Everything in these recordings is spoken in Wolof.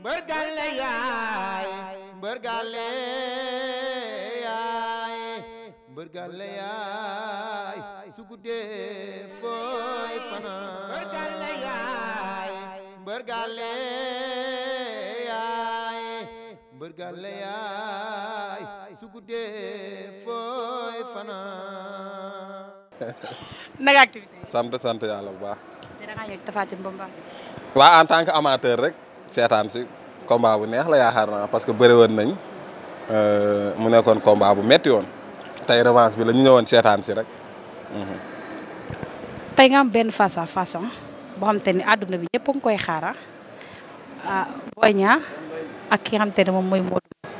mbër gàlle yaay fooy fanaan mbër gàlle fooy fanaan nag activité sant sant yàlla bu baax. da ngaa ñëw en tant que amateur rek. seetaan si combat bu neex la yaakaar naa parce que bëri woon nañ euh, mu nekkoon combat bu metti woon tey revanche bi la ñu ñëwoon seetaan si rek. Mhm. tey nga am benn face à face boo xam te ni àdduna bi ñëpp a ngi koy xaara ah. ah Boy Niang ak moom mooy Modou Lô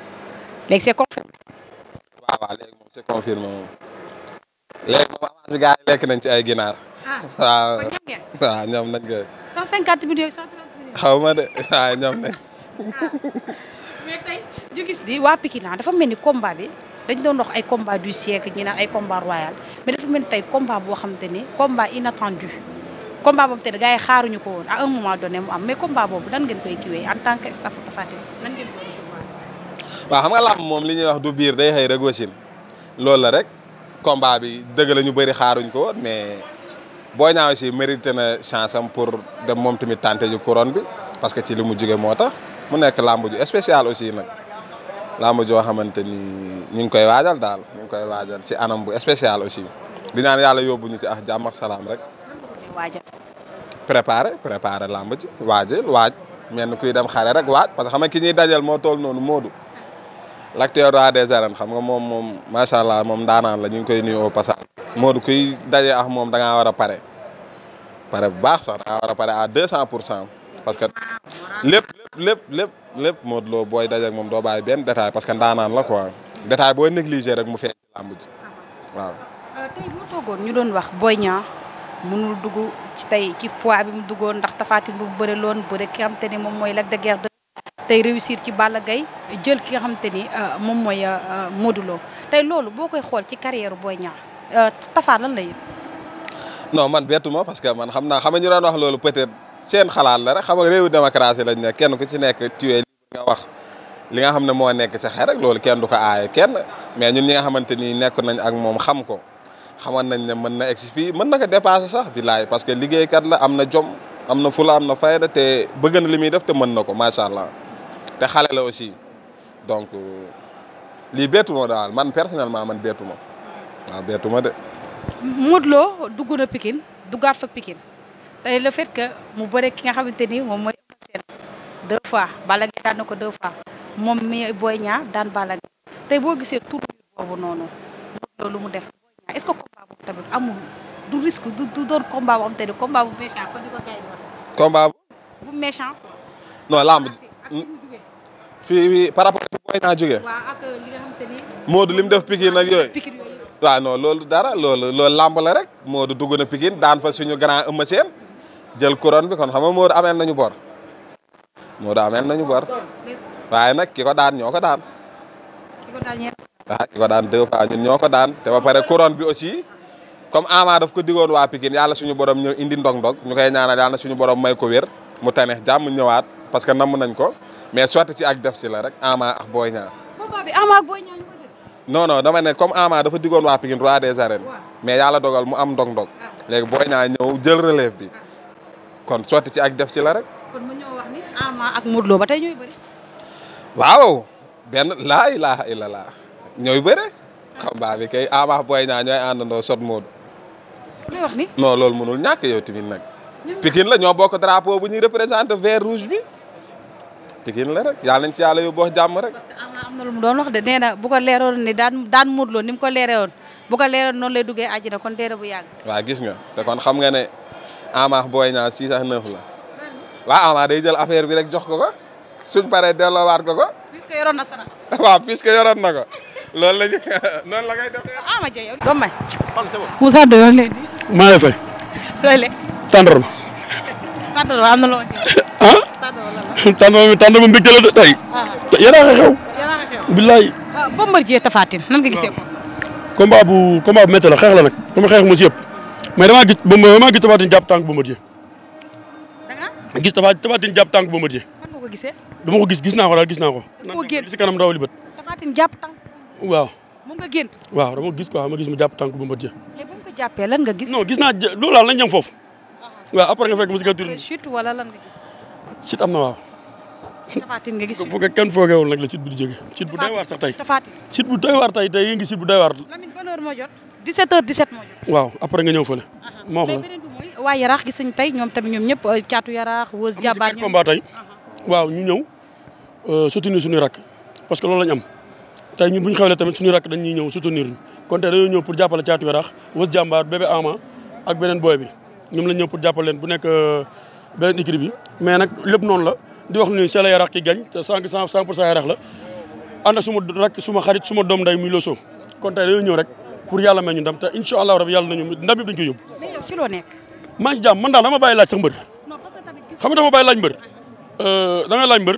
léegi c'est confirmé. moom c'est moom avance bi gars yi lekk nañ si ay ginaar. ah waaw ñam ngeen waaw ñam nañ ko. xaw ma de waaw ñoom ne. Ah. mais ñu gis ni waa Pikine dafa mel ni combat bi dañ doon wax ay combat du siècle ñi naan ay combat royal mais dafa mel ni tey combat boo xamante ne combat inattendu combat boobu te ne xaaruñu ko woon à un moment donné mu nan ngeen koy kiiwee en tant que staff Tapha Tine nan xam nga làmb moom li ñuy wax du biir day xëy rek wasin loolu rek combat bi dëgg ñu bari xaaruñ ko woon Boy Niang aussi mérité na chance am pour dem moom tamit tante ji couronne bi parce que ci li mu jóge moo tax mu nekk làmb ju spécial aussi nag làmb joo xamante ni ñu ngi koy waajal daal ñu ngi koy waajal ci anam bu spécial aussi di naan yàlla yóbbu ci ak jàmm salaam rek. waajal. préparé préparé làmb ji waaj mel ni kuy dem xare rek waaj parce que xam nga ki ñuy dajal moo toll noonu moodu l'acteur roi des arènes xam nga moom moom macha allah moom daanaan la ñu ngi koy nuyu au passage. Modou kuy daje ak moom da ngaa war a pare pare bu baax sax da ngaa war a pare à 200 pour cent parce que lépp lépp lépp lépp Modou Lo booy daje moom doo bàyyi benn détail parce que ndaanaan la ko quoi détail booy négligé rek mu feeñ ci làmb waaw. Euh, tey boo toogoon ñu doon wax booy Niang mënul dugg tey ci poids mu duggoon ndax tafaatin bu mu bëri loon bëri xam te ne moom mooy Lac de tey réussir ci bala Gaye jël ki nga xamante ni euh, moom mooy euh, euh, Modou Lo tey loolu boo koy xool ci carrière Boy Niang Tapha lan na yëg. non man bettuma parce que man xam naa xam nga ñu doon wax loolu peut-être seen xalaat la rek xam nga réewu démocratie lañ ne kenn ku ci nekk tuye li wax li nga xam ne moo nekk sax rek loolu kenn du ko aaye kenn mais ñun ñi nga xamante ni nekk nañ ak moom xam ko xamoon nañ ne mën na egsi fii mën na ko dépasser sax bilaay parce que liggéeykat la am na jom am na fula am na fayda te bëgg na li muy def te mën na ko macha allah. te xale la aussi donc euh, lii bettu ma daal man personnellement man bettu ma waaw de. Modou Lo dugg na Pikine duggaat fa pikin te le fait que mu bëre ki nga xamante ni moom mooy seen fois Balla daan na ko deux fois moom mi Boy Niang daan Balla Gaye tey boo gisee tur boobu noonu mu def Boy est-ce que combat tamit amul du risque du du doon combat bu méchant ko bu méchant. non lamb fii par rapport ak Boy Niang jógee. waaw ak euh, li nga xamante ni. Modou li mu def Pikine nag yooyu. waaw dara lool loolu làmb la rek moodu dugg na Pikine daan fa suñu grand Eumeu Sène jël couronne bi kon xam nga Modou ameel nañu bor. Modou ameel nañu bor. waaye nag ki ko daan ñoo ko daan. ki ko daan ñoo ko daan te ba pare couronne bi aussi. comme Ama daf ko digoon waa Pikine yàlla suñu borom ñëw indi ndog-ndog ñu koy ñaanal yàlla suñu borom may ko wér mu tane jàmm ñëwaat. parce que namm nañ ko mais soit ci ak def si la rek Ama ak booy Niang. combat bi dama ne comme Ama dafa diggoon waa Pikine roi des arènes. mais yàlla dogal mu am ndog-ndog. Ah. léegi Boy Niang ñëw jël relève bi. Ah. kon sotti ci ak def ci la rek. kon mu ñëw wax ni Ama ak Modou Lo ba tey ñooy bëri. Ah. Ama ak Boy Niang ñooy àndandoo sot Modou. li wax ni. non loolu mënul ñàkk yow tamit nag. Pikine la ñoo bokk drapeau bu ñuy représenté vert rouge bi. Pikine la rek yàlla nañ ci yàlla yóbbu wax jàmm rek. am na lu doon wax de nee na ko leeroon ni daan daan muurloo ni ko leeroon bu ko leeroon noonu lay duggee àjjana kon dee bu yàgg. waaw gis nga te kon xam nga ne Ama Boy Niang 6 ak 9 la. waaw Ama day jël affaire bi rek jox ko ko suñ paree delloowaat ko ko. puisque yoroon na sana. waaw ko loolu la ñu noonu la ngay defee. Ama Dia yow. Dombe. Moussa Ndoye yoon léegi. maa ngi fay. looy am na loo ci. ah. tàndama bi tàndama mbégte la tey. Ah. yaraaxa xew. yaraaxa xew billaay. ah Bombardier nan nga gisee ko. Ah. combat bu combat bu métti la xeex la nag dama xeex ma si yëpp mais damaa gis ba damaa gis Tapha Tine jàpp tànk Bombardier. danga gis Tapha Tapha Tine jàpp tànk Bombardier. fan nga ko gisee. gis naa ko daal gis naa ko. koo génn si kanam rawali bët. Tapha Tine jàpp tànk. waaw. moom nga gént. waaw dama gis a ma gis mu jàpp tànk Bombardier. léegi bu mu ko lan nga gis. non gis naa loolu daal lañ jëm foofu. Ah. waaw après nga fekk mu si sit am na waaw. tafaatin nga gis foog kenn foogewul nag la sit bu di sit bu doy waar sax tey tafaatin sit bu doy waar tey tey yéen ngi sit bu doy waar. Lamine ban heure moo jot. 17h17 moo jot. waaw après nga ñëw fële. tey ñoom tamit ñoom ñëpp euh, caatu yaraax wës jàmbaar ñoom combat tey waaw ñu ñëw euh, soutenir suñu rakk parce que lool lañ am tey ñun buñ ñu xewlee tamit suñu rakk dañ ñu ñëw soutenir ñu kon tey dañoo ñëw pour jàppale caatu yaraax wës jàmbaar bébé ama ak beneen booy bi ñoom lañ ñëw pour jàppale leen bu nekk euh, beneen équipe bi mais nag lépp noonu la di wax ni c'est la Yaraax ki gañ te sànq cent cent pour cent Yaraax la ànd suma rakk suma xarit suma doom nday muy Loso kon tey dañoo ñëw rek pour yàlla may ñu ndam te incha allah rabi yàlla nañu ndam yëpp dañu koy yóbbu. mais yow ci loo nekk. maa ngi jàmm man daal dama bàyyi laaj sax mbër. non parce que tamit gis xam nga dama laaj mbër. Euh, da ngay laaj mbër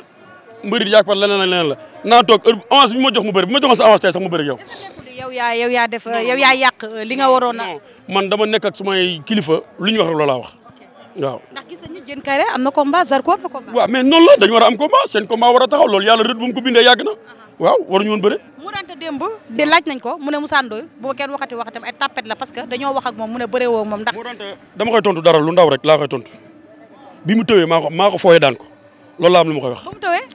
mbër yi yaakaar leneen leneen la naa toog avance bi ma jox mu bëri bi ma joxoon sa avance tey sax mu bëri ak yow. yow yaa yow yaa def yow ya yàq euh, li nga waroon a. man dama nekka ak sumay kilifa lu ñu wax rek loolaa wax waaw ndax gis nañu Diène Kaïré am na combat Zarko am na combat. waaw mais noonu la dañu war a am combat seen combat war a taxaw loolu yàlla rëdd bu mu ko bindee yàgg na uh-huh. waaw waruñu woon bëre. mu de laaj nañ ko mu ne Moussa Ndoye bu kenn waxati waxatam ay tapet la parce que dañoo wax ak moom mu ne bëree woo moom ndax. tontu dara lu ndaw rek laa tontu bi mu tëwee maa ko ko fooyee daan ko loolu laa am lu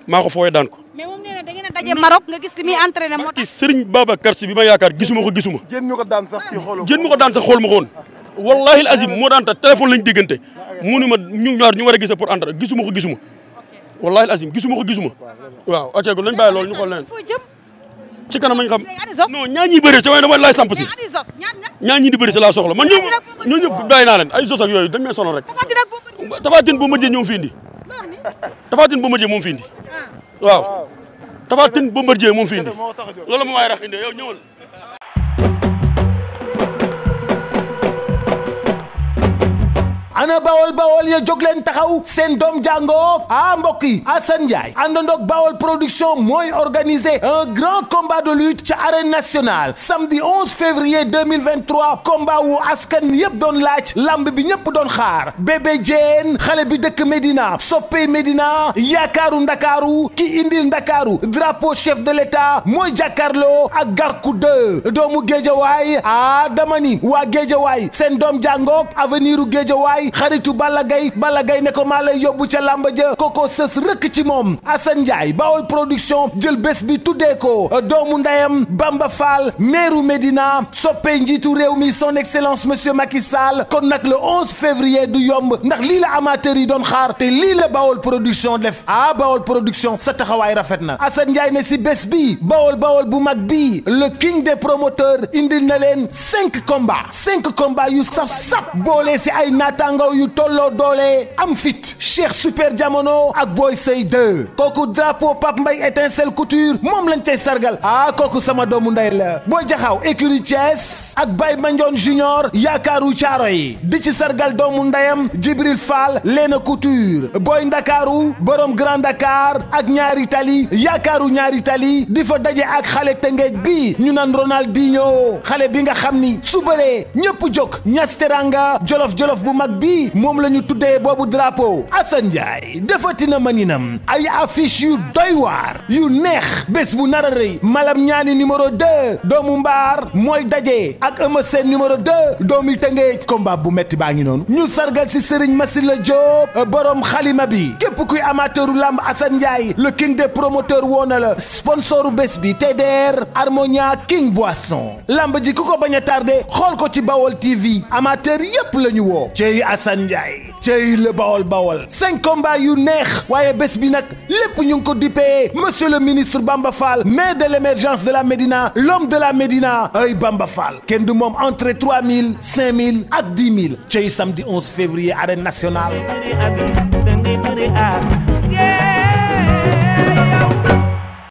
ma ko fooyee daan ko. mais moom nee na da ngeen a daje Maroc nga gis muy entraîné moo munu ma ñu ñu war a gisee pour entrer gisuma ko gisuma wallahi azim gisuma ko gisuma waaw ok kon nañ bàyyi loolu ñu xool leneen ci kanam ñu xam non ñaa ñiy bëri si waaye si ñaa ñi di bëri si laa soxla man ñëpp ñoo ñëpp bàyyi naa leen ay sos ak yooyu dañ may sonal rek tafaatin bu ma jee ñoom fi indi tafaatin bu ma jee moom fi indi ah. waaw tafaatin bu ma jee moom fi indi loolu ma waay rax indi yow ana bawol bawol ya jóg leen seen doom jàngoo ah mbokk yi Assane Ndiaye àndandoog bawol production mooy organiser un grand combat de lutte ca arène nationale samedi 11 février 2023 combat askan yëpp doon laaj lamb bi ñëpp doon xaar bébé Diène xale bi dëkk Médina soppe Médina yaakaaru ndakaaru ki indil ndakaaru drapeau chef de l'état mooy jàkkaarloo ak Gakou 2 doomu géejawaay ah dama ni waa géejawaay seen doom jàngoog avenir u xaritu Balla Gaye Balla Gaye ne ko maa yóbbu ca làmba ja koko sës rëkk ci moom Assane Ndiaye Bawol production jël bés bi tuddee ko doomu ndeyam Bamba Fall meeru Médina soppee njiitu réew mi son excellence monsieur Macky Sall kon nag le 11 février du yomb ndax lii la amateur yi doon xaar te lii la Bawol production def ah Bawol production sa taxawaay rafet na Assane Ndiaye ne si bés bi Bawol Bawol bu mag bi le king des promoteurs indi na leen cinq combats cinq combats yu saf si ay naataango ndaw yu tolloo doole am fit Cheikh Super Jamono ak booy Sey 2 kooku drapeau Pape mbay étincelle couture moom lañ cay sargal ah kooku sama doomu ndey la Boy Jaxaaw écurie Thiès ak Baye Mandione Junior yaakaaru caaro yi di ci sargal doomu ndeyam Jibril Fall Leena Couture Boy Ndakaaru borom Grand Dakar ak ñaari tali yaakaaru ñaari tali di fa daje ak xale tëngeej bi ñu naan Ronaldinho xale bi nga xam ni subaree bëree ñëpp jóg ñas jolof jolof bu mag bi yi moom la ñu tuddee boobu drapeau Assane Ndiaye defati na maninam ay affiche yu doy waar yu neex bés bu nar a rëy malam ñaani numéro 2 doomu mbaar mooy daje ak Eumeu Sène numéro 2 doomu tëngéej combat bu metti baa ngi noonu ñu sargal si Serigne la Diop euh, boroom xalima bi képp kuy amateuru làmb Assane Ndiaye le king des promoteurs woo na la sponsoru bés bi TDR Harmonia King Boisson lamb ji ku ko bañ a tardé xool ko ci Bawol TV amateur yépp la woo Assane Ndiaye cey la bawol bawol cinq yu neex waaye bés bi nag lépp ñu ko dipee monsieur le ministre Bamba Fall maire de l'émergence de la Médina l'homme de la Médina ay Bamba Fall kenn du moom entre 3000 mille ak mille 000 cey samedi 11 février arène nationale